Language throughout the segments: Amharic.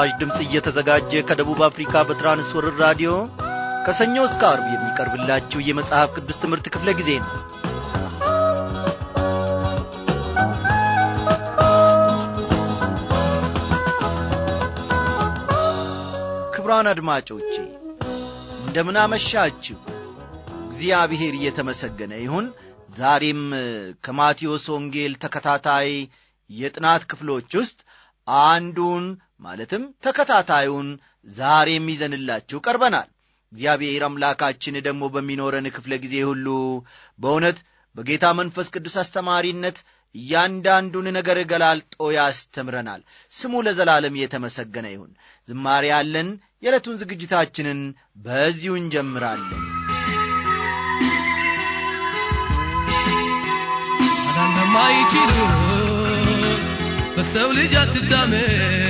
ለመስራች ድምፅ እየተዘጋጀ ከደቡብ አፍሪካ በትራንስወርር ራዲዮ ከሰኞ እስከ አርብ የሚቀርብላችሁ የመጽሐፍ ቅዱስ ትምህርት ክፍለ ጊዜ ነው ክብራን አድማጮቼ እንደምናመሻችሁ እግዚአብሔር እየተመሰገነ ይሁን ዛሬም ከማቴዎስ ወንጌል ተከታታይ የጥናት ክፍሎች ውስጥ አንዱን ማለትም ተከታታዩን ዛሬም ይዘንላችሁ ቀርበናል። እግዚአብሔር አምላካችን ደግሞ በሚኖረን ክፍለ ጊዜ ሁሉ በእውነት በጌታ መንፈስ ቅዱስ አስተማሪነት እያንዳንዱን ነገር ገላልጦ ያስተምረናል። ስሙ ለዘላለም የተመሰገነ ይሁን። ዝማሬ ያለን የዕለቱን ዝግጅታችንን በዚሁ እንጀምራለን። ማይችሉ በሰው ልጅ አትታመን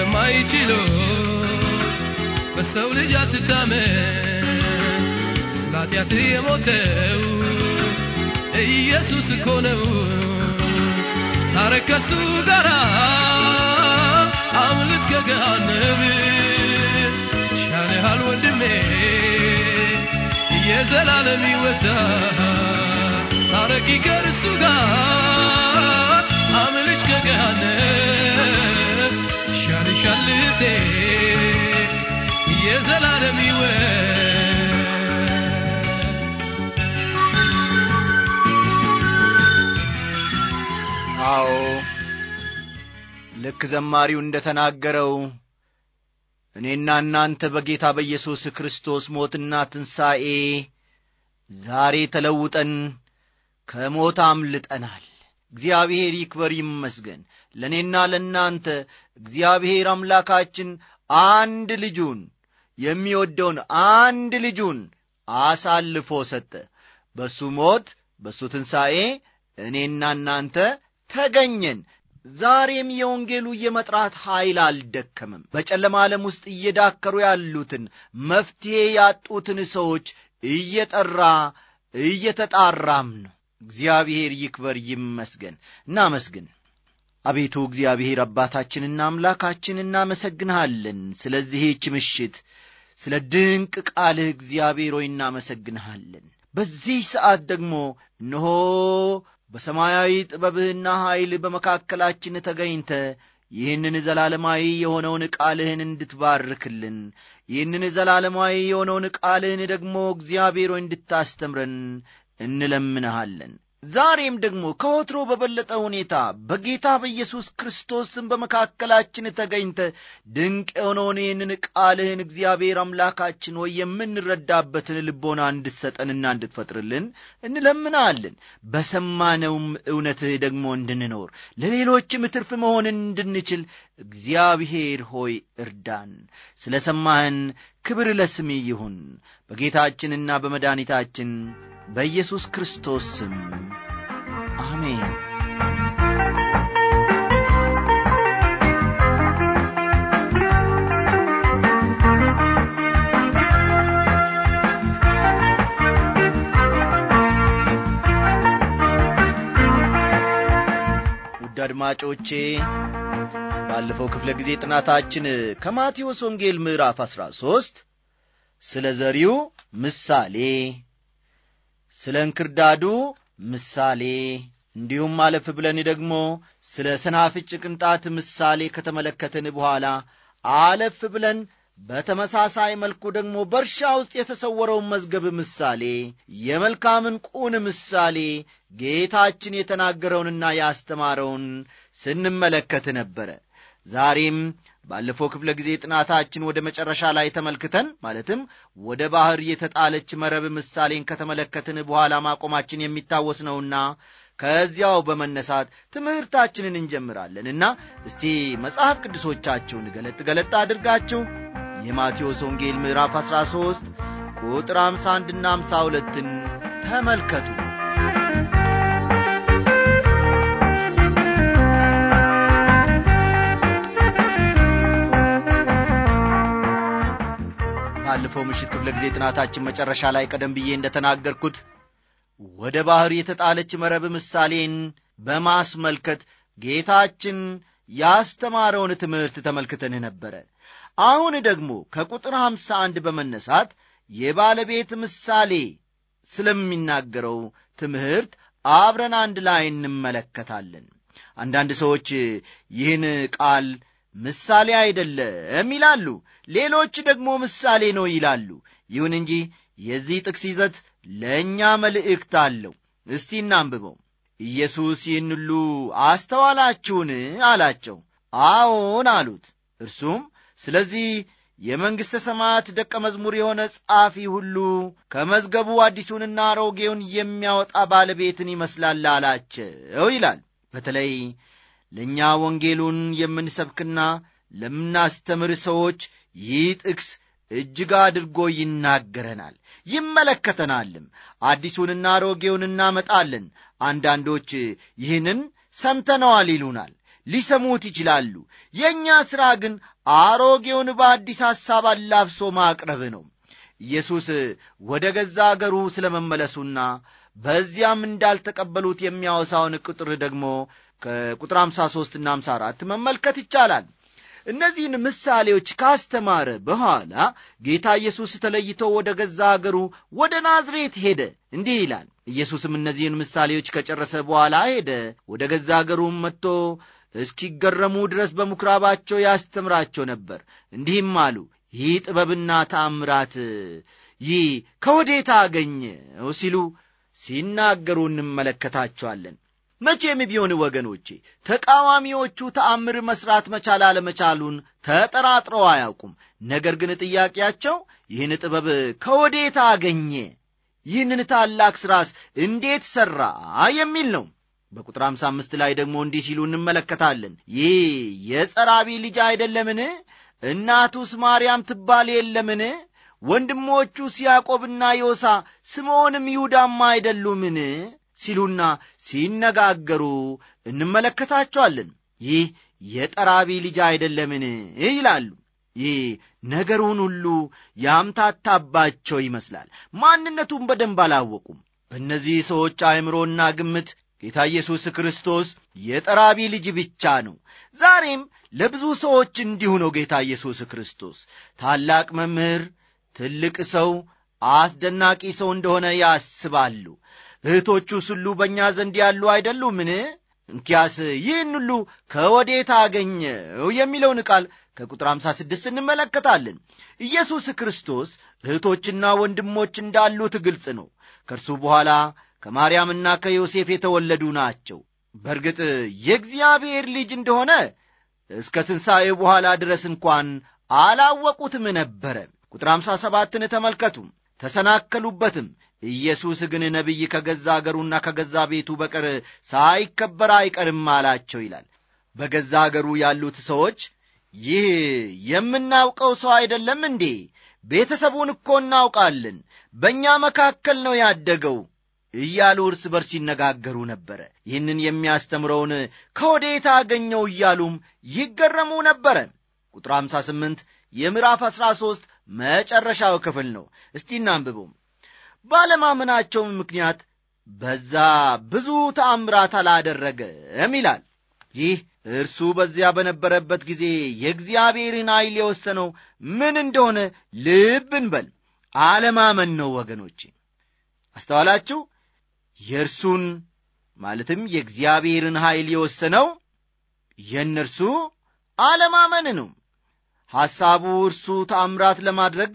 በማይችሉ በሰው ልጅ አትታመን ስላትያት የሞተው ኢየሱስ እኮ ነው ታረከሱ ጋራ አምልት ከገሃነብ ሻንሃል ወንድሜ የዘላለም ይወታ ታረቂ ከርሱ ጋር አምልች ከገሃነብ የዘላለም አዎ ልክ ዘማሪው እንደ ተናገረው እኔና እናንተ በጌታ በኢየሱስ ክርስቶስ ሞትና ትንሣኤ ዛሬ ተለውጠን ከሞት አምልጠናል እግዚአብሔር ይክበር ይመስገን ለእኔና ለእናንተ እግዚአብሔር አምላካችን አንድ ልጁን የሚወደውን አንድ ልጁን አሳልፎ ሰጠ። በሱ ሞት፣ በሱ ትንሣኤ እኔና እናንተ ተገኘን። ዛሬም የወንጌሉ የመጥራት ኃይል አልደከምም። በጨለማ ዓለም ውስጥ እየዳከሩ ያሉትን መፍትሔ ያጡትን ሰዎች እየጠራ እየተጣራም ነው። እግዚአብሔር ይክበር ይመስገን። እናመስግን። አቤቱ እግዚአብሔር አባታችንና አምላካችን እናመሰግንሃለን። ስለዚህች ምሽት ስለ ድንቅ ቃልህ እግዚአብሔር ሆይ እናመሰግንሃለን። በዚህ ሰዓት ደግሞ እንሆ በሰማያዊ ጥበብህና ኃይል በመካከላችን ተገኝተ ይህንን ዘላለማዊ የሆነውን ቃልህን እንድትባርክልን ይህንን ዘላለማዊ የሆነውን ቃልህን ደግሞ እግዚአብሔር ሆይ እንድታስተምረን እንለምንሃለን። ዛሬም ደግሞ ከወትሮ በበለጠ ሁኔታ በጌታ በኢየሱስ ክርስቶስን በመካከላችን ተገኝተ ድንቅ የሆነውን ይህንን ቃልህን እግዚአብሔር አምላካችን ሆይ የምንረዳበትን ልቦና እንድትሰጠንና እንድትፈጥርልን እንለምናለን። በሰማነውም እውነትህ ደግሞ እንድንኖር ለሌሎችም ትርፍ መሆንን እንድንችል እግዚአብሔር ሆይ እርዳን። ስለ ሰማህን ክብር ለስሜ ይሁን በጌታችንና በመድኃኒታችን በኢየሱስ ክርስቶስ ስም አድማጮቼ ባለፈው ክፍለ ጊዜ ጥናታችን ከማቴዎስ ወንጌል ምዕራፍ ሦስት ስለ ዘሪው ምሳሌ፣ ስለ እንክርዳዱ ምሳሌ እንዲሁም አለፍ ብለን ደግሞ ስለ ሰናፍጭ ቅንጣት ምሳሌ ከተመለከትን በኋላ አለፍ ብለን በተመሳሳይ መልኩ ደግሞ በእርሻ ውስጥ የተሰወረውን መዝገብ ምሳሌ፣ የመልካም ዕንቁን ምሳሌ ጌታችን የተናገረውንና ያስተማረውን ስንመለከት ነበረ። ዛሬም ባለፈው ክፍለ ጊዜ ጥናታችን ወደ መጨረሻ ላይ ተመልክተን ማለትም ወደ ባሕር የተጣለች መረብ ምሳሌን ከተመለከትን በኋላ ማቆማችን የሚታወስ ነውና ከዚያው በመነሳት ትምህርታችንን እንጀምራለንና እስቲ መጽሐፍ ቅዱሶቻችሁን ገለጥ ገለጥ አድርጋችሁ የማቴዎስ ወንጌል ምዕራፍ 13 ቁጥር 51ና 52ን ተመልከቱ። ባለፈው ምሽት ክፍለ ጊዜ ጥናታችን መጨረሻ ላይ ቀደም ብዬ እንደተናገርኩት ወደ ባሕር የተጣለች መረብ ምሳሌን በማስመልከት ጌታችን ያስተማረውን ትምህርት ተመልክተን ነበረ። አሁን ደግሞ ከቁጥር ሐምሳ አንድ በመነሳት የባለቤት ምሳሌ ስለሚናገረው ትምህርት አብረን አንድ ላይ እንመለከታለን። አንዳንድ ሰዎች ይህን ቃል ምሳሌ አይደለም ይላሉ፣ ሌሎች ደግሞ ምሳሌ ነው ይላሉ። ይሁን እንጂ የዚህ ጥቅስ ይዘት ለእኛ መልእክት አለው። እስቲ እናንብበው። ኢየሱስ ይህን ሁሉ አስተዋላችሁን አላቸው። አዎን አሉት። እርሱም ስለዚህ የመንግሥተ ሰማያት ደቀ መዝሙር የሆነ ጻፊ ሁሉ ከመዝገቡ አዲሱንና አሮጌውን የሚያወጣ ባለቤትን ይመስላል አላቸው ይላል። በተለይ ለእኛ ወንጌሉን የምንሰብክና ለምናስተምር ሰዎች ይህ ጥቅስ እጅግ አድርጎ ይናገረናል፣ ይመለከተናልም። አዲሱንና አሮጌውን እናመጣለን። አንዳንዶች ይህንን ሰምተነዋል ይሉናል። ሊሰሙት ይችላሉ። የእኛ ሥራ ግን አሮጌውን በአዲስ ሐሳብ አላብሶ ማቅረብ ነው። ኢየሱስ ወደ ገዛ አገሩ ስለ መመለሱና በዚያም እንዳልተቀበሉት የሚያወሳውን ቁጥር ደግሞ ከቁጥር 53 እና 54 መመልከት ይቻላል። እነዚህን ምሳሌዎች ካስተማረ በኋላ ጌታ ኢየሱስ ተለይቶ ወደ ገዛ አገሩ ወደ ናዝሬት ሄደ። እንዲህ ይላል። ኢየሱስም እነዚህን ምሳሌዎች ከጨረሰ በኋላ ሄደ፣ ወደ ገዛ አገሩም መጥቶ እስኪገረሙ ድረስ በምኵራባቸው ያስተምራቸው ነበር። እንዲህም አሉ፣ ይህ ጥበብና ታምራት ይህ ከወዴት አገኘው ሲሉ ሲናገሩ እንመለከታቸዋለን። መቼም ቢሆን ወገኖቼ ተቃዋሚዎቹ ተአምር መሥራት መቻል አለመቻሉን ተጠራጥረው አያውቁም። ነገር ግን ጥያቄያቸው ይህን ጥበብ ከወዴት አገኘ፣ ይህንን ታላቅ ሥራስ እንዴት ሠራ የሚል ነው። በቁጥር 55 ላይ ደግሞ እንዲህ ሲሉ እንመለከታለን። ይህ የጸራቢ ልጅ አይደለምን? እናቱስ ማርያም ትባል የለምን? ወንድሞቹስ ያዕቆብና ዮሳ ስምዖንም ይሁዳማ አይደሉምን? ሲሉና ሲነጋገሩ እንመለከታቸዋለን። ይህ የጠራቢ ልጅ አይደለምን? ይላሉ። ይህ ነገሩን ሁሉ ያምታታባቸው ይመስላል። ማንነቱን በደንብ አላወቁም። በእነዚህ ሰዎች አእምሮና ግምት ጌታ ኢየሱስ ክርስቶስ የጠራቢ ልጅ ብቻ ነው። ዛሬም ለብዙ ሰዎች እንዲሁ ነው። ጌታ ኢየሱስ ክርስቶስ ታላቅ መምህር፣ ትልቅ ሰው፣ አስደናቂ ሰው እንደሆነ ያስባሉ። እህቶቹስ ሁሉ በእኛ ዘንድ ያሉ አይደሉምን? እንኪያስ ይህን ሁሉ ከወዴት አገኘው የሚለውን ቃል ከቁጥር 56 እንመለከታለን። ኢየሱስ ክርስቶስ እህቶችና ወንድሞች እንዳሉት ግልጽ ነው። ከእርሱ በኋላ ከማርያምና ከዮሴፍ የተወለዱ ናቸው። በእርግጥ የእግዚአብሔር ልጅ እንደሆነ እስከ ትንሣኤ በኋላ ድረስ እንኳን አላወቁትም ነበረ። ቁጥር 57 ሰባትን ተመልከቱ። ተሰናከሉበትም። ኢየሱስ ግን ነቢይ ከገዛ አገሩና ከገዛ ቤቱ በቀር ሳይከበር አይቀርም አላቸው ይላል። በገዛ አገሩ ያሉት ሰዎች ይህ የምናውቀው ሰው አይደለም እንዴ? ቤተሰቡን እኮ እናውቃለን፣ በእኛ መካከል ነው ያደገው እያሉ እርስ በርስ ይነጋገሩ ነበረ። ይህንን የሚያስተምረውን ከወዴታ አገኘው እያሉም ይገረሙ ነበረ። ቁጥር 58 የምዕራፍ 13 መጨረሻው ክፍል ነው። እስቲ እናንብቡም። ባለማመናቸውም ምክንያት በዛ ብዙ ተአምራት አላደረገም ይላል። ይህ እርሱ በዚያ በነበረበት ጊዜ የእግዚአብሔርን ኃይል የወሰነው ምን እንደሆነ ልብ እንበል። አለማመን ነው ወገኖቼ። አስተዋላችሁ? የእርሱን ማለትም የእግዚአብሔርን ኃይል የወሰነው የእነርሱ አለማመን ነው። ሐሳቡ እርሱ ታምራት ለማድረግ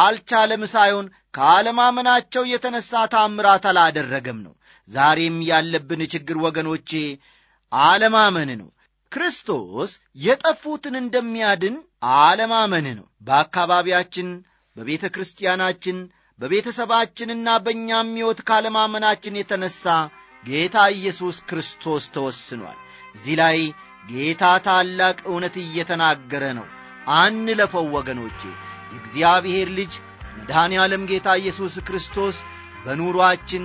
አልቻለም ሳይሆን ከአለማመናቸው የተነሳ ታምራት አላደረገም ነው። ዛሬም ያለብን ችግር ወገኖቼ አለማመን ነው። ክርስቶስ የጠፉትን እንደሚያድን አለማመን ነው። በአካባቢያችን፣ በቤተ ክርስቲያናችን በቤተሰባችንና በእኛም ሕይወት ካለማመናችን የተነሣ ጌታ ኢየሱስ ክርስቶስ ተወስኗል። እዚህ ላይ ጌታ ታላቅ እውነት እየተናገረ ነው። አንለፈው ወገኖቼ። የእግዚአብሔር ልጅ መድኃኔ ዓለም ጌታ ኢየሱስ ክርስቶስ በኑሯችን፣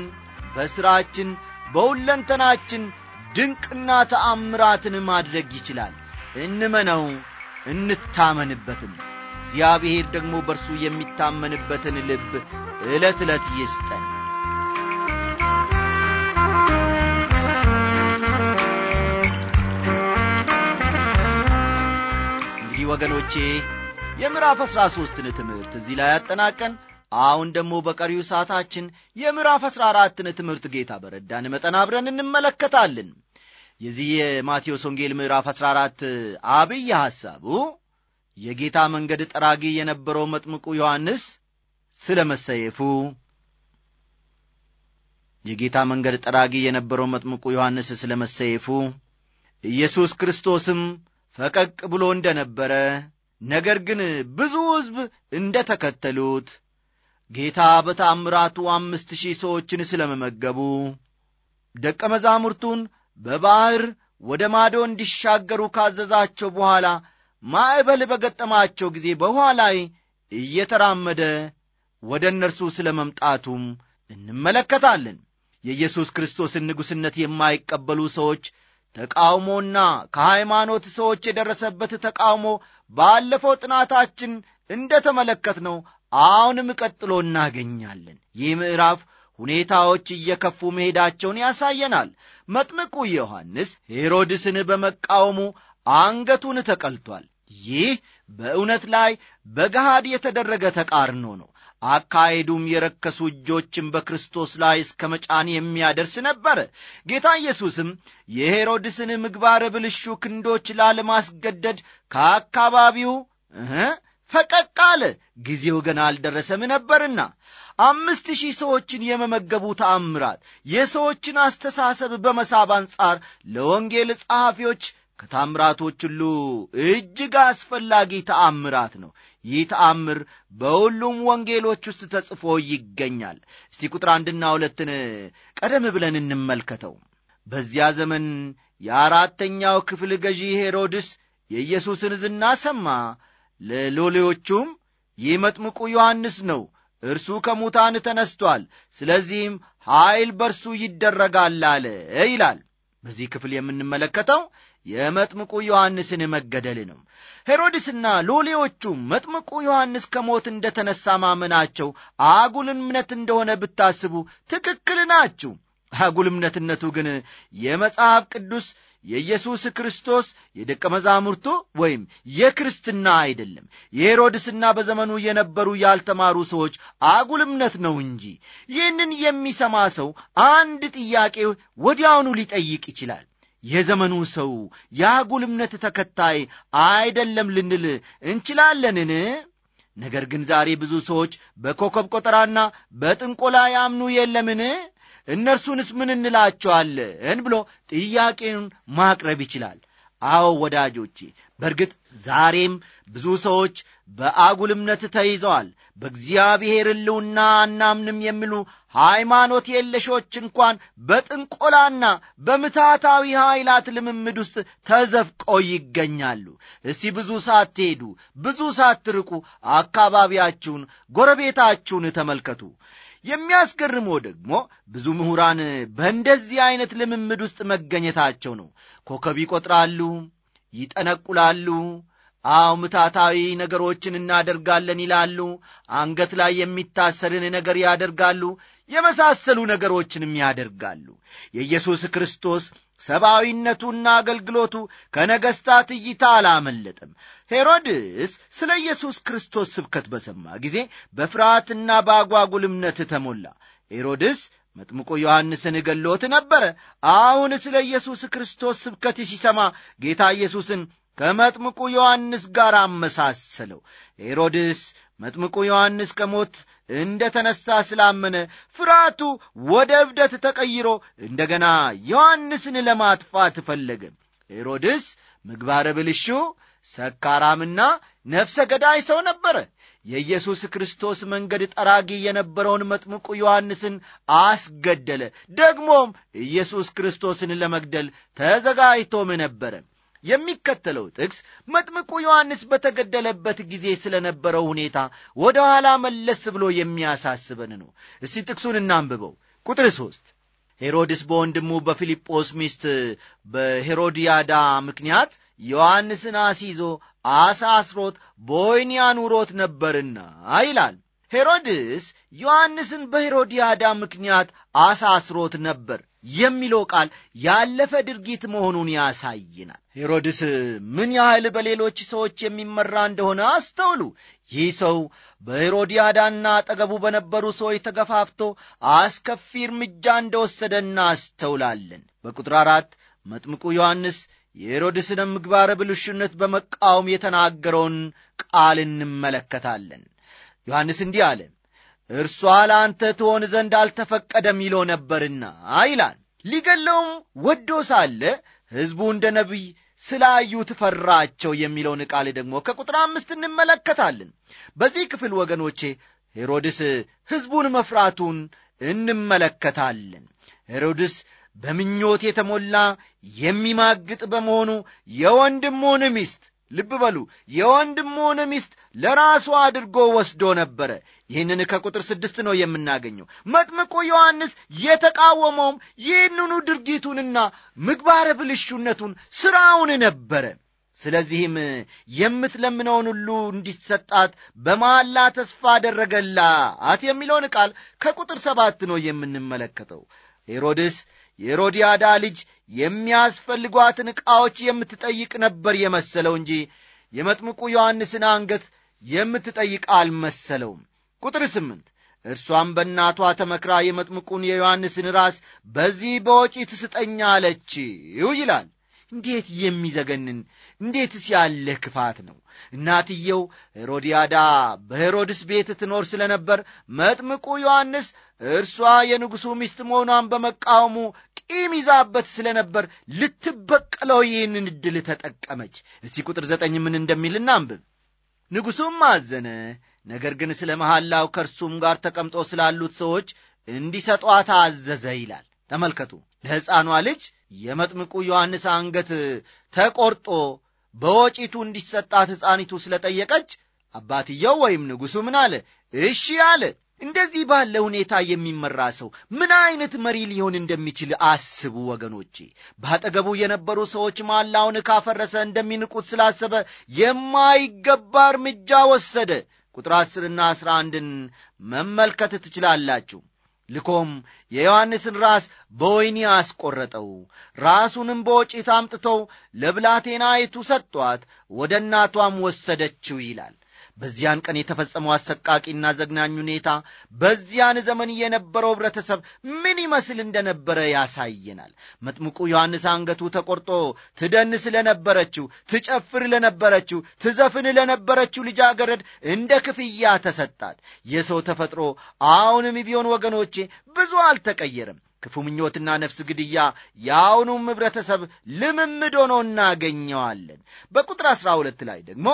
በሥራችን፣ በሁለንተናችን ድንቅና ተአምራትን ማድረግ ይችላል። እንመነው፣ እንታመንበትም። እግዚአብሔር ደግሞ በርሱ የሚታመንበትን ልብ ዕለት ዕለት ይስጠን። እንግዲህ ወገኖቼ የምዕራፍ አሥራ ሦስትን ትምህርት እዚህ ላይ ያጠናቀን። አሁን ደግሞ በቀሪው ሰዓታችን የምዕራፍ አሥራ አራትን ትምህርት ጌታ በረዳን መጠን አብረን እንመለከታለን። የዚህ የማቴዎስ ወንጌል ምዕራፍ አራት አብይ ሐሳቡ የጌታ መንገድ ጠራጊ የነበረው መጥምቁ ዮሐንስ ስለ መሰየፉ የጌታ መንገድ ጠራጊ የነበረው መጥምቁ ዮሐንስ ስለ መሰየፉ ኢየሱስ ክርስቶስም ፈቀቅ ብሎ እንደ ነበረ ነገር ግን ብዙ ሕዝብ እንደ ተከተሉት ጌታ በታምራቱ አምስት ሺህ ሰዎችን ስለ መመገቡ ደቀ መዛሙርቱን በባሕር ወደ ማዶ እንዲሻገሩ ካዘዛቸው በኋላ ማዕበል በገጠማቸው ጊዜ በውኃ ላይ እየተራመደ ወደ እነርሱ ስለ መምጣቱም እንመለከታለን። የኢየሱስ ክርስቶስን ንጉሥነት የማይቀበሉ ሰዎች ተቃውሞና ከሃይማኖት ሰዎች የደረሰበት ተቃውሞ ባለፈው ጥናታችን እንደ ነው አሁንም ቀጥሎ እናገኛለን። ይህ ምዕራፍ ሁኔታዎች እየከፉ መሄዳቸውን ያሳየናል። መጥምቁ ዮሐንስ ሄሮድስን በመቃወሙ አንገቱን ተቀልቷል። ይህ በእውነት ላይ በገሃድ የተደረገ ተቃርኖ ነው። አካሄዱም የረከሱ እጆችን በክርስቶስ ላይ እስከ መጫን የሚያደርስ ነበረ። ጌታ ኢየሱስም የሄሮድስን ምግባር ብልሹ ክንዶች ላለማስገደድ ከአካባቢው ፈቀቅ አለ። ጊዜው ገና አልደረሰም ነበርና አምስት ሺህ ሰዎችን የመመገቡ ተአምራት የሰዎችን አስተሳሰብ በመሳብ አንጻር ለወንጌል ጸሐፊዎች ከታምራቶች ሁሉ እጅግ አስፈላጊ ተአምራት ነው። ይህ ተአምር በሁሉም ወንጌሎች ውስጥ ተጽፎ ይገኛል። እስቲ ቁጥር አንድና ሁለትን ቀደም ብለን እንመልከተው። በዚያ ዘመን የአራተኛው ክፍል ገዢ ሄሮድስ የኢየሱስን ዝና ሰማ። ለሎሌዎቹም ይህ መጥምቁ ዮሐንስ ነው፣ እርሱ ከሙታን ተነስቷል፣ ስለዚህም ኀይል በርሱ ይደረጋል አለ ይላል። በዚህ ክፍል የምንመለከተው የመጥምቁ ዮሐንስን መገደል ነው። ሄሮድስና ሎሌዎቹ መጥምቁ ዮሐንስ ከሞት እንደ ተነሳ ማመናቸው አጉል እምነት እንደሆነ ብታስቡ ትክክል ናችሁ። አጉል እምነትነቱ ግን የመጽሐፍ ቅዱስ የኢየሱስ ክርስቶስ የደቀ መዛሙርቱ ወይም የክርስትና አይደለም። የሄሮድስና በዘመኑ የነበሩ ያልተማሩ ሰዎች አጉል እምነት ነው እንጂ። ይህንን የሚሰማ ሰው አንድ ጥያቄ ወዲያውኑ ሊጠይቅ ይችላል። የዘመኑ ሰው የአጉል እምነት ተከታይ አይደለም ልንል እንችላለንን? ነገር ግን ዛሬ ብዙ ሰዎች በኮከብ ቆጠራና በጥንቆላ ያምኑ የለምን? እነርሱንስ ምን እንላቸዋለን ብሎ ጥያቄውን ማቅረብ ይችላል። አዎ ወዳጆቼ በእርግጥ ዛሬም ብዙ ሰዎች በአጉልምነት ተይዘዋል። በእግዚአብሔር ልውና አናምንም የሚሉ ሃይማኖት የለሾች እንኳን በጥንቆላና በምታታዊ ኃይላት ልምምድ ውስጥ ተዘፍቀው ይገኛሉ። እስቲ ብዙ ሳትሄዱ፣ ብዙ ሳትርቁ አካባቢያችሁን፣ ጎረቤታችሁን ተመልከቱ። የሚያስገርመው ደግሞ ብዙ ምሁራን በእንደዚህ አይነት ልምምድ ውስጥ መገኘታቸው ነው። ኮከብ ይቈጥራሉ ይጠነቁላሉ። አው ምታታዊ ነገሮችን እናደርጋለን ይላሉ። አንገት ላይ የሚታሰርን ነገር ያደርጋሉ። የመሳሰሉ ነገሮችንም ያደርጋሉ። የኢየሱስ ክርስቶስ ሰብአዊነቱና አገልግሎቱ ከነገሥታት እይታ አላመለጠም። ሄሮድስ ስለ ኢየሱስ ክርስቶስ ስብከት በሰማ ጊዜ በፍርሃትና በአጓጉል እምነት ተሞላ። ሄሮድስ መጥምቁ ዮሐንስን ገሎት ነበረ። አሁን ስለ ኢየሱስ ክርስቶስ ስብከት ሲሰማ ጌታ ኢየሱስን ከመጥምቁ ዮሐንስ ጋር አመሳሰለው። ሄሮድስ መጥምቁ ዮሐንስ ከሞት እንደ ተነሣ ስላመነ ፍርሃቱ ወደ እብደት ተቀይሮ እንደገና ዮሐንስን ለማጥፋት ፈለገ። ሄሮድስ ምግባረ ብልሹ፣ ሰካራምና ነፍሰ ገዳይ ሰው ነበረ። የኢየሱስ ክርስቶስ መንገድ ጠራጊ የነበረውን መጥምቁ ዮሐንስን አስገደለ። ደግሞም ኢየሱስ ክርስቶስን ለመግደል ተዘጋጅቶም ነበረ። የሚከተለው ጥቅስ መጥምቁ ዮሐንስ በተገደለበት ጊዜ ስለነበረው ሁኔታ ወደ ኋላ መለስ ብሎ የሚያሳስበን ነው። እስቲ ጥቅሱን እናንብበው። ቁጥር ሦስት ሄሮድስ በወንድሙ በፊልጶስ ሚስት በሄሮድያዳ ምክንያት ዮሐንስን አስይዞ አሳ አስሮት በወኅኒ አኑሮት ነበርና ይላል። ሄሮድስ ዮሐንስን በሄሮድያዳ ምክንያት አሳ አስሮት ነበር የሚለው ቃል ያለፈ ድርጊት መሆኑን ያሳይናል። ሄሮድስ ምን ያህል በሌሎች ሰዎች የሚመራ እንደሆነ አስተውሉ። ይህ ሰው በሄሮድያዳና አጠገቡ በነበሩ ሰዎች ተገፋፍቶ አስከፊ እርምጃ እንደወሰደ እናስተውላለን። በቁጥር አራት መጥምቁ ዮሐንስ የሄሮድስንም ምግባረ ብልሹነት በመቃወም የተናገረውን ቃል እንመለከታለን። ዮሐንስ እንዲህ አለ፣ እርሷ ለአንተ ትሆን ዘንድ አልተፈቀደም ይለው ነበርና ይላል። ሊገለውም ወዶ ሳለ ሕዝቡ እንደ ነቢይ ስላዩ ትፈራቸው የሚለውን ቃል ደግሞ ከቁጥር አምስት እንመለከታለን። በዚህ ክፍል ወገኖቼ ሄሮድስ ሕዝቡን መፍራቱን እንመለከታለን። ሄሮድስ በምኞት የተሞላ የሚማግጥ በመሆኑ የወንድሙን ሚስት ልብ በሉ የወንድሙን ሚስት ለራሱ አድርጎ ወስዶ ነበረ። ይህንን ከቁጥር ስድስት ነው የምናገኘው። መጥምቁ ዮሐንስ የተቃወመውም ይህንኑ ድርጊቱንና ምግባረ ብልሹነቱን ሥራውን ነበረ። ስለዚህም የምትለምነውን ሁሉ እንዲሰጣት በማላ ተስፋ አደረገላት የሚለውን ቃል ከቁጥር ሰባት ነው የምንመለከተው። ሄሮድስ የሄሮድያዳ ልጅ የሚያስፈልጓትን ዕቃዎች የምትጠይቅ ነበር የመሰለው እንጂ የመጥምቁ ዮሐንስን አንገት የምትጠይቅ አልመሰለውም። ቁጥር ስምንት እርሷም በእናቷ ተመክራ የመጥምቁን የዮሐንስን ራስ በዚህ በወጪ ትስጠኛ አለችው ይላል። እንዴት የሚዘገንን እንዴትስ ያለ ክፋት ነው! እናትየው ሄሮዲያዳ በሄሮድስ ቤት ትኖር ስለነበር መጥምቁ ዮሐንስ እርሷ የንጉሡ ሚስት መሆኗን በመቃወሙ ቂም ይዛበት ስለነበር ልትበቀለው ይህንን እድል ተጠቀመች። እስቲ ቁጥር ዘጠኝ ምን እንደሚል እናንብብ። ንጉሡም አዘነ፣ ነገር ግን ስለ መሐላው ከእርሱም ጋር ተቀምጦ ስላሉት ሰዎች እንዲሰጧት አዘዘ ይላል። ተመልከቱ ለሕፃኗ ልጅ የመጥምቁ ዮሐንስ አንገት ተቆርጦ በወጪቱ እንዲሰጣት ሕፃኒቱ ስለ ጠየቀች አባትየው ወይም ንጉሡ ምን አለ? እሺ አለ። እንደዚህ ባለ ሁኔታ የሚመራ ሰው ምን አይነት መሪ ሊሆን እንደሚችል አስቡ ወገኖቼ። በአጠገቡ የነበሩ ሰዎች ማላውን ካፈረሰ እንደሚንቁት ስላሰበ የማይገባ እርምጃ ወሰደ። ቁጥር ዐሥርና ዐሥራ አንድን መመልከት ትችላላችሁ። ልኮም የዮሐንስን ራስ በወይኒ አስቈረጠው። ራሱንም በወጪት አምጥተው ለብላቴናይቱ ሰጥቷት ወደ እናቷም ወሰደችው ይላል። በዚያን ቀን የተፈጸመው አሰቃቂና ዘግናኝ ሁኔታ በዚያን ዘመን የነበረው ኅብረተሰብ ምን ይመስል እንደነበረ ያሳየናል። መጥምቁ ዮሐንስ አንገቱ ተቆርጦ ትደንስ ለነበረችው፣ ትጨፍር ለነበረችው፣ ትዘፍን ለነበረችው ልጃገረድ እንደ ክፍያ ተሰጣት። የሰው ተፈጥሮ አሁንም ቢሆን ወገኖቼ ብዙ አልተቀየረም። ክፉ ምኞትና ነፍስ ግድያ የአሁኑም ኅብረተሰብ ልምምድ ሆኖ እናገኘዋለን። በቁጥር ዐሥራ ሁለት ላይ ደግሞ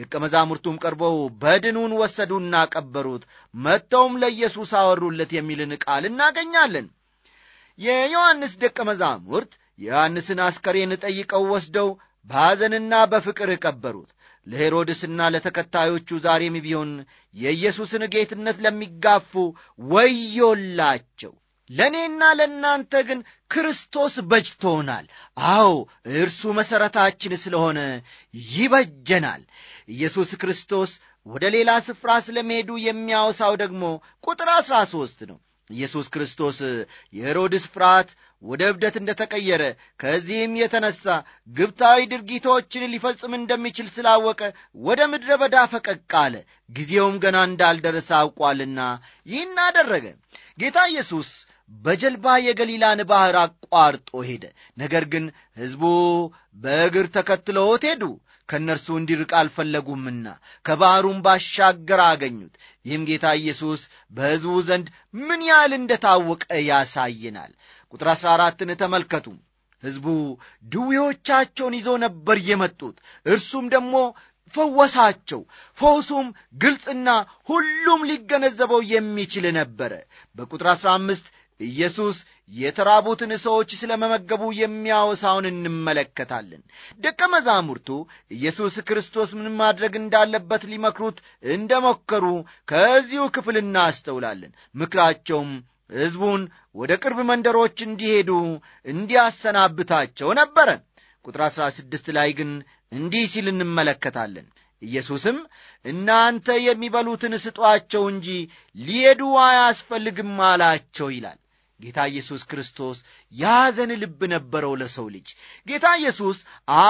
ደቀ መዛሙርቱም ቀርበው በድኑን ወሰዱና ቀበሩት፣ መጥተውም ለኢየሱስ አወሩለት የሚልን ቃል እናገኛለን። የዮሐንስ ደቀ መዛሙርት የዮሐንስን አስከሬን ጠይቀው ወስደው በሐዘንና በፍቅር ቀበሩት። ለሄሮድስና ለተከታዮቹ ዛሬም ቢሆን የኢየሱስን ጌትነት ለሚጋፉ ወዮላቸው። ለእኔና ለእናንተ ግን ክርስቶስ በጅቶናል። አዎ እርሱ መሠረታችን ስለሆነ ይበጀናል። ኢየሱስ ክርስቶስ ወደ ሌላ ስፍራ ስለመሄዱ የሚያወሳው ደግሞ ቁጥር አሥራ ሦስት ነው። ኢየሱስ ክርስቶስ የሄሮድስ ፍርሃት ወደ እብደት እንደ ተቀየረ ከዚህም የተነሣ ግብታዊ ድርጊቶችን ሊፈጽም እንደሚችል ስላወቀ ወደ ምድረ በዳ ፈቀቅ አለ። ጊዜውም ገና እንዳልደረሰ አውቋልና ይህን አደረገ። ጌታ ኢየሱስ በጀልባ የገሊላን ባሕር አቋርጦ ሄደ። ነገር ግን ሕዝቡ በእግር ተከትለውት ሄዱ፣ ከእነርሱ እንዲርቅ አልፈለጉምና ከባሕሩም ባሻገር አገኙት። ይህም ጌታ ኢየሱስ በሕዝቡ ዘንድ ምን ያህል እንደታወቀ ያሳየናል። ቁጥር 14 አራትን ተመልከቱ። ሕዝቡ ድዌዎቻቸውን ይዞ ነበር የመጡት፣ እርሱም ደግሞ ፈወሳቸው። ፈውሱም ግልጽና ሁሉም ሊገነዘበው የሚችል ነበረ። በቁጥር 15 ኢየሱስ የተራቡትን ሰዎች ስለ መመገቡ የሚያወሳውን እንመለከታለን። ደቀ መዛሙርቱ ኢየሱስ ክርስቶስ ምን ማድረግ እንዳለበት ሊመክሩት እንደሞከሩ ከዚሁ ክፍል እናስተውላለን። ምክራቸውም ሕዝቡን ወደ ቅርብ መንደሮች እንዲሄዱ እንዲያሰናብታቸው ነበረ። ቁጥር 16 ላይ ግን እንዲህ ሲል እንመለከታለን። ኢየሱስም እናንተ የሚበሉትን ስጧቸው እንጂ ሊሄዱ አያስፈልግም አላቸው ይላል። ጌታ ኢየሱስ ክርስቶስ ያዘን ልብ ነበረው ለሰው ልጅ። ጌታ ኢየሱስ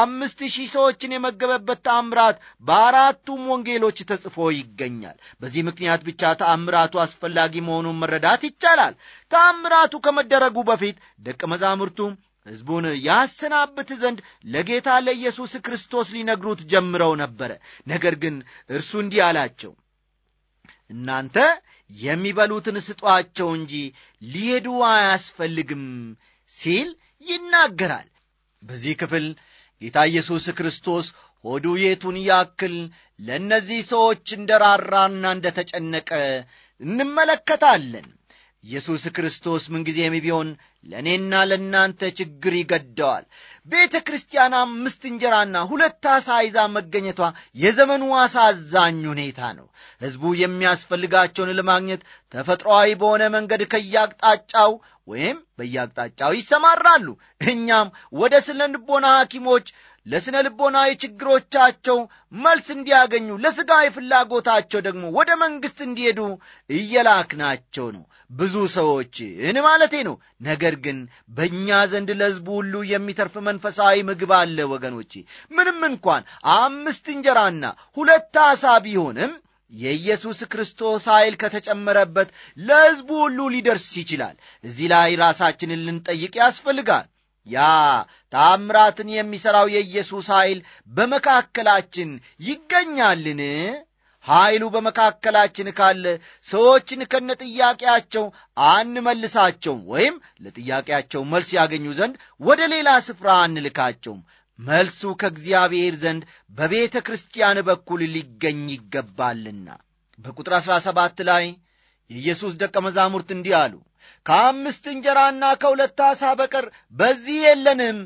አምስት ሺህ ሰዎችን የመገበበት ተአምራት በአራቱም ወንጌሎች ተጽፎ ይገኛል። በዚህ ምክንያት ብቻ ተአምራቱ አስፈላጊ መሆኑን መረዳት ይቻላል። ተአምራቱ ከመደረጉ በፊት ደቀ መዛሙርቱም ሕዝቡን ያሰናብት ዘንድ ለጌታ ለኢየሱስ ክርስቶስ ሊነግሩት ጀምረው ነበረ። ነገር ግን እርሱ እንዲህ አላቸው እናንተ የሚበሉትን ስጧቸው እንጂ ሊሄዱ አያስፈልግም ሲል ይናገራል። በዚህ ክፍል ጌታ ኢየሱስ ክርስቶስ ሆዱ የቱን ያክል ለእነዚህ ሰዎች እንደ ራራና እንደ ተጨነቀ እንመለከታለን። ኢየሱስ ክርስቶስ ምንጊዜም ቢሆን ለእኔና ለእናንተ ችግር ይገደዋል። ቤተ ክርስቲያን አምስት እንጀራና ሁለት አሳ ይዛ መገኘቷ የዘመኑ አሳዛኝ ሁኔታ ነው። ሕዝቡ የሚያስፈልጋቸውን ለማግኘት ተፈጥሯዊ በሆነ መንገድ ከየአቅጣጫው ወይም በየአቅጣጫው ይሰማራሉ። እኛም ወደ ስነ ልቦና ሐኪሞች ለሥነ ልቦናዊ ችግሮቻቸው መልስ እንዲያገኙ፣ ለሥጋዊ ፍላጎታቸው ደግሞ ወደ መንግሥት እንዲሄዱ እየላክናቸው ነው። ብዙ ሰዎች እን ማለቴ ነው። ነገር ግን በእኛ ዘንድ ለሕዝቡ ሁሉ የሚተርፍ መንፈሳዊ ምግብ አለ። ወገኖቼ ምንም እንኳን አምስት እንጀራና ሁለት አሳ ቢሆንም የኢየሱስ ክርስቶስ ኃይል ከተጨመረበት ለሕዝቡ ሁሉ ሊደርስ ይችላል። እዚህ ላይ ራሳችንን ልንጠይቅ ያስፈልጋል። ያ ታምራትን የሚሠራው የኢየሱስ ኃይል በመካከላችን ይገኛልን? ኃይሉ በመካከላችን ካለ ሰዎችን ከነ ጥያቄያቸው አንመልሳቸውም፣ ወይም ለጥያቄያቸው መልስ ያገኙ ዘንድ ወደ ሌላ ስፍራ አንልካቸውም። መልሱ ከእግዚአብሔር ዘንድ በቤተ ክርስቲያን በኩል ሊገኝ ይገባልና በቁጥር 17 ላይ የኢየሱስ ደቀ መዛሙርት እንዲህ አሉ፣ ከአምስት እንጀራና ከሁለት ዓሣ በቀር በዚህ የለንም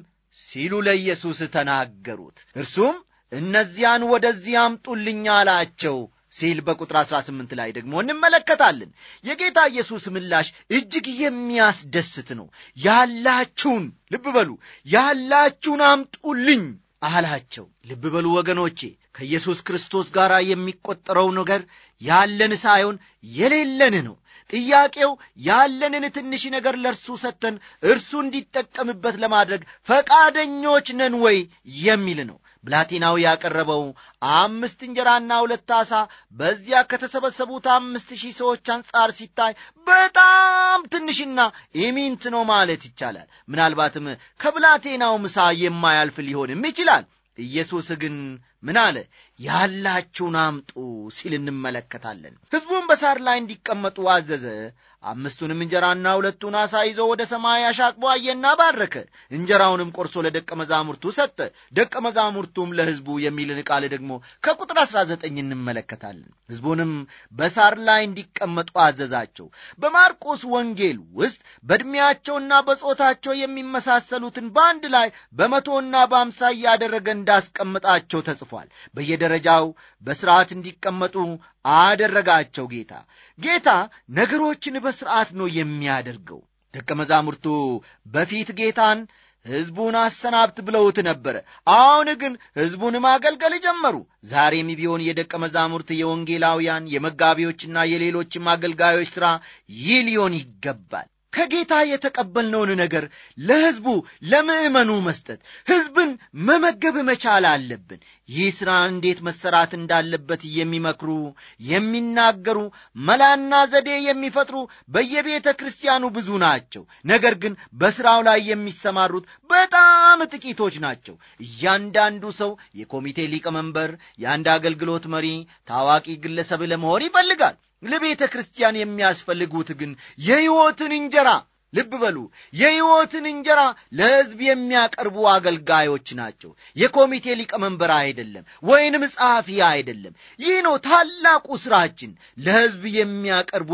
ሲሉ ለኢየሱስ ተናገሩት። እርሱም እነዚያን ወደዚህ አምጡልኝ አላቸው ሲል በቁጥር 18 ላይ ደግሞ እንመለከታለን። የጌታ ኢየሱስ ምላሽ እጅግ የሚያስደስት ነው። ያላችሁን ልብ በሉ፣ ያላችሁን አምጡልኝ አላቸው። ልብ በሉ ወገኖቼ፣ ከኢየሱስ ክርስቶስ ጋር የሚቆጠረው ነገር ያለን ሳይሆን የሌለን ነው። ጥያቄው ያለንን ትንሽ ነገር ለእርሱ ሰጥተን እርሱ እንዲጠቀምበት ለማድረግ ፈቃደኞች ነን ወይ የሚል ነው። ብላቴናው ያቀረበው አምስት እንጀራና ሁለት ዓሣ በዚያ ከተሰበሰቡት አምስት ሺህ ሰዎች አንጻር ሲታይ በጣም ትንሽና ኢሚንት ነው ማለት ይቻላል። ምናልባትም ከብላቴናው ምሳ የማያልፍ ሊሆንም ይችላል። ኢየሱስ ግን ምን አለ ያላችሁን አምጡ ሲል እንመለከታለን። ሕዝቡን በሳር ላይ እንዲቀመጡ አዘዘ። አምስቱንም እንጀራና ሁለቱን አሳ ይዞ ወደ ሰማይ አሻቅቦ አየና ባረከ። እንጀራውንም ቆርሶ ለደቀ መዛሙርቱ ሰጠ። ደቀ መዛሙርቱም ለሕዝቡ የሚልን ቃል ደግሞ ከቁጥር 19 እንመለከታለን። ሕዝቡንም በሳር ላይ እንዲቀመጡ አዘዛቸው። በማርቆስ ወንጌል ውስጥ በዕድሜያቸውና በጾታቸው የሚመሳሰሉትን በአንድ ላይ በመቶና በአምሳ እያደረገ እንዳስቀምጣቸው ተጽፎ አሳልፏል። በየደረጃው በሥርዓት እንዲቀመጡ አደረጋቸው። ጌታ ጌታ ነገሮችን በሥርዓት ነው የሚያደርገው። ደቀ መዛሙርቱ በፊት ጌታን ሕዝቡን አሰናብት ብለውት ነበረ። አሁን ግን ሕዝቡን ማገልገል ጀመሩ። ዛሬም ቢሆን የደቀ መዛሙርት የወንጌላውያን፣ የመጋቢዎችና የሌሎችም አገልጋዮች ሥራ ይህ ሊሆን ይገባል። ከጌታ የተቀበልነውን ነገር ለሕዝቡ ለምእመኑ መስጠት፣ ሕዝብን መመገብ መቻል አለብን። ይህ ሥራ እንዴት መሰራት እንዳለበት የሚመክሩ የሚናገሩ፣ መላና ዘዴ የሚፈጥሩ በየቤተ ክርስቲያኑ ብዙ ናቸው። ነገር ግን በሥራው ላይ የሚሰማሩት በጣም ጥቂቶች ናቸው። እያንዳንዱ ሰው የኮሚቴ ሊቀመንበር፣ የአንድ አገልግሎት መሪ፣ ታዋቂ ግለሰብ ለመሆን ይፈልጋል። ለቤተ ክርስቲያን የሚያስፈልጉት ግን የሕይወትን እንጀራ ልብ በሉ፣ የሕይወትን እንጀራ ለሕዝብ የሚያቀርቡ አገልጋዮች ናቸው። የኮሚቴ ሊቀመንበር አይደለም፣ ወይንም ጸሐፊ አይደለም። ይህ ነው ታላቁ ሥራችን፣ ለሕዝብ የሚያቀርቡ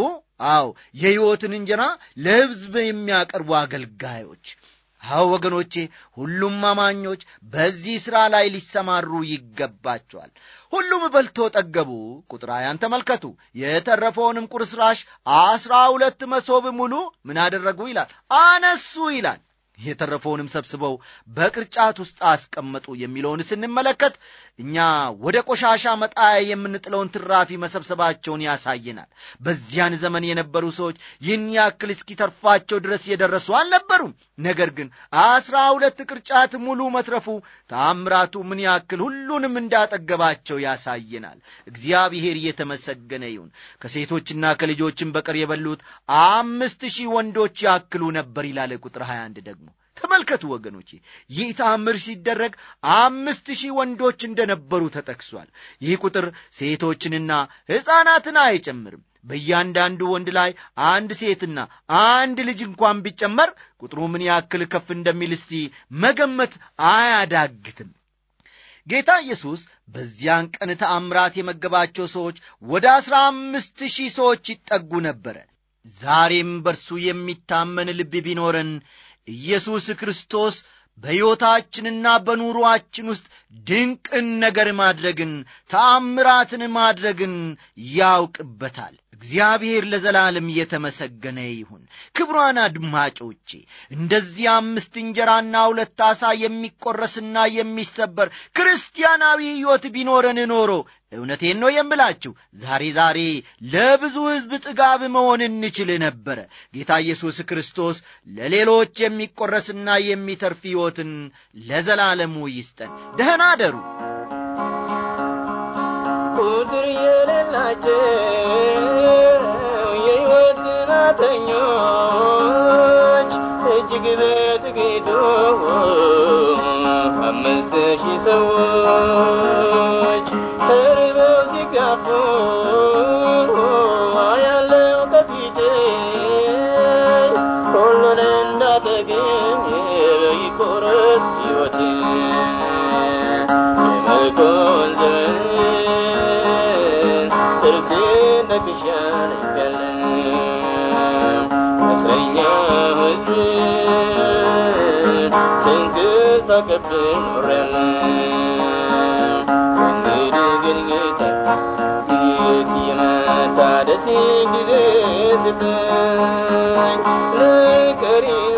አዎ፣ የሕይወትን እንጀራ ለሕዝብ የሚያቀርቡ አገልጋዮች አዎ ወገኖቼ ሁሉም አማኞች በዚህ ሥራ ላይ ሊሰማሩ ይገባቸዋል። ሁሉም በልቶ ጠገቡ። ቁጥር አያን ተመልከቱ። የተረፈውንም ቁርስራሽ አስራ ሁለት መሶብ ሙሉ ምን አደረጉ ይላል አነሱ ይላል። የተረፈውንም ሰብስበው በቅርጫት ውስጥ አስቀመጡ የሚለውን ስንመለከት እኛ ወደ ቆሻሻ መጣያ የምንጥለውን ትራፊ መሰብሰባቸውን ያሳየናል። በዚያን ዘመን የነበሩ ሰዎች ይህን ያክል እስኪተርፋቸው ድረስ የደረሱ አልነበሩም። ነገር ግን አስራ ሁለት ቅርጫት ሙሉ መትረፉ ታምራቱ ምን ያክል ሁሉንም እንዳጠገባቸው ያሳየናል። እግዚአብሔር እየተመሰገነ ይሁን። ከሴቶችና ከልጆችን በቀር የበሉት አምስት ሺህ ወንዶች ያክሉ ነበር ይላለ ቁጥር 21 ደግሞ ነው። ተመልከቱ ወገኖቼ፣ ይህ ተአምር ሲደረግ አምስት ሺህ ወንዶች እንደነበሩ ተጠቅሷል። ይህ ቁጥር ሴቶችንና ሕፃናትን አይጨምርም። በእያንዳንዱ ወንድ ላይ አንድ ሴትና አንድ ልጅ እንኳን ቢጨመር ቁጥሩ ምን ያክል ከፍ እንደሚል እስቲ መገመት አያዳግትም። ጌታ ኢየሱስ በዚያን ቀን ተአምራት የመገባቸው ሰዎች ወደ አሥራ አምስት ሺህ ሰዎች ይጠጉ ነበረ። ዛሬም በርሱ የሚታመን ልብ ቢኖረን ኢየሱስ ክርስቶስ በሕይወታችንና በኑሮአችን ውስጥ ድንቅን ነገር ማድረግን ተአምራትን ማድረግን ያውቅበታል። እግዚአብሔር ለዘላለም እየተመሰገነ ይሁን። ክብሯን አድማጮቼ፣ እንደዚህ አምስት እንጀራና ሁለት ዓሣ የሚቆረስና የሚሰበር ክርስቲያናዊ ሕይወት ቢኖረን ኖሮ እውነቴን ነው የምላችሁ ዛሬ ዛሬ ለብዙ ሕዝብ ጥጋብ መሆን እንችል ነበረ። ጌታ ኢየሱስ ክርስቶስ ለሌሎች የሚቆረስና የሚተርፍ ሕይወትን ለዘላለሙ ይስጠን። ደህና አደሩ ቁጥር የሌላቸው የሕይወት ናተኞች እጅግ በጥቂቱ አምስት ሺህ ሰዎች ተቀብረን እንግዲህ ግን ጌታ ጥቂት የመታደስ ጊዜ ስጠኝ ለቀሪው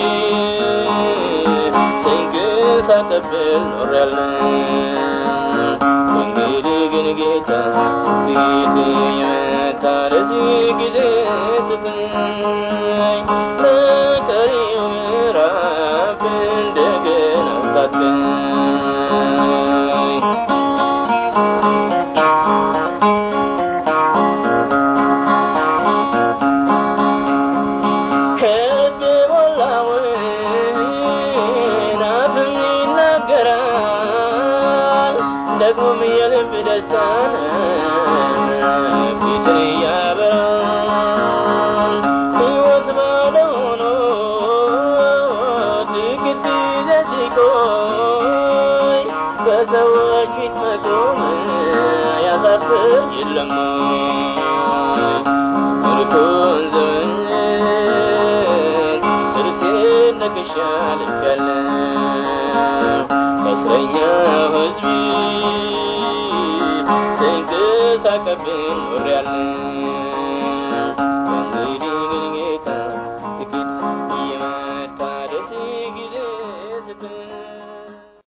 ተቀብል ኖሬያለሁ እንግዲህ ግን ጌታ ፊት የመታ ለዚህ ጊዜ ስጠኝ በቀሪው ምዕራፍ እንደገና ታድገኝ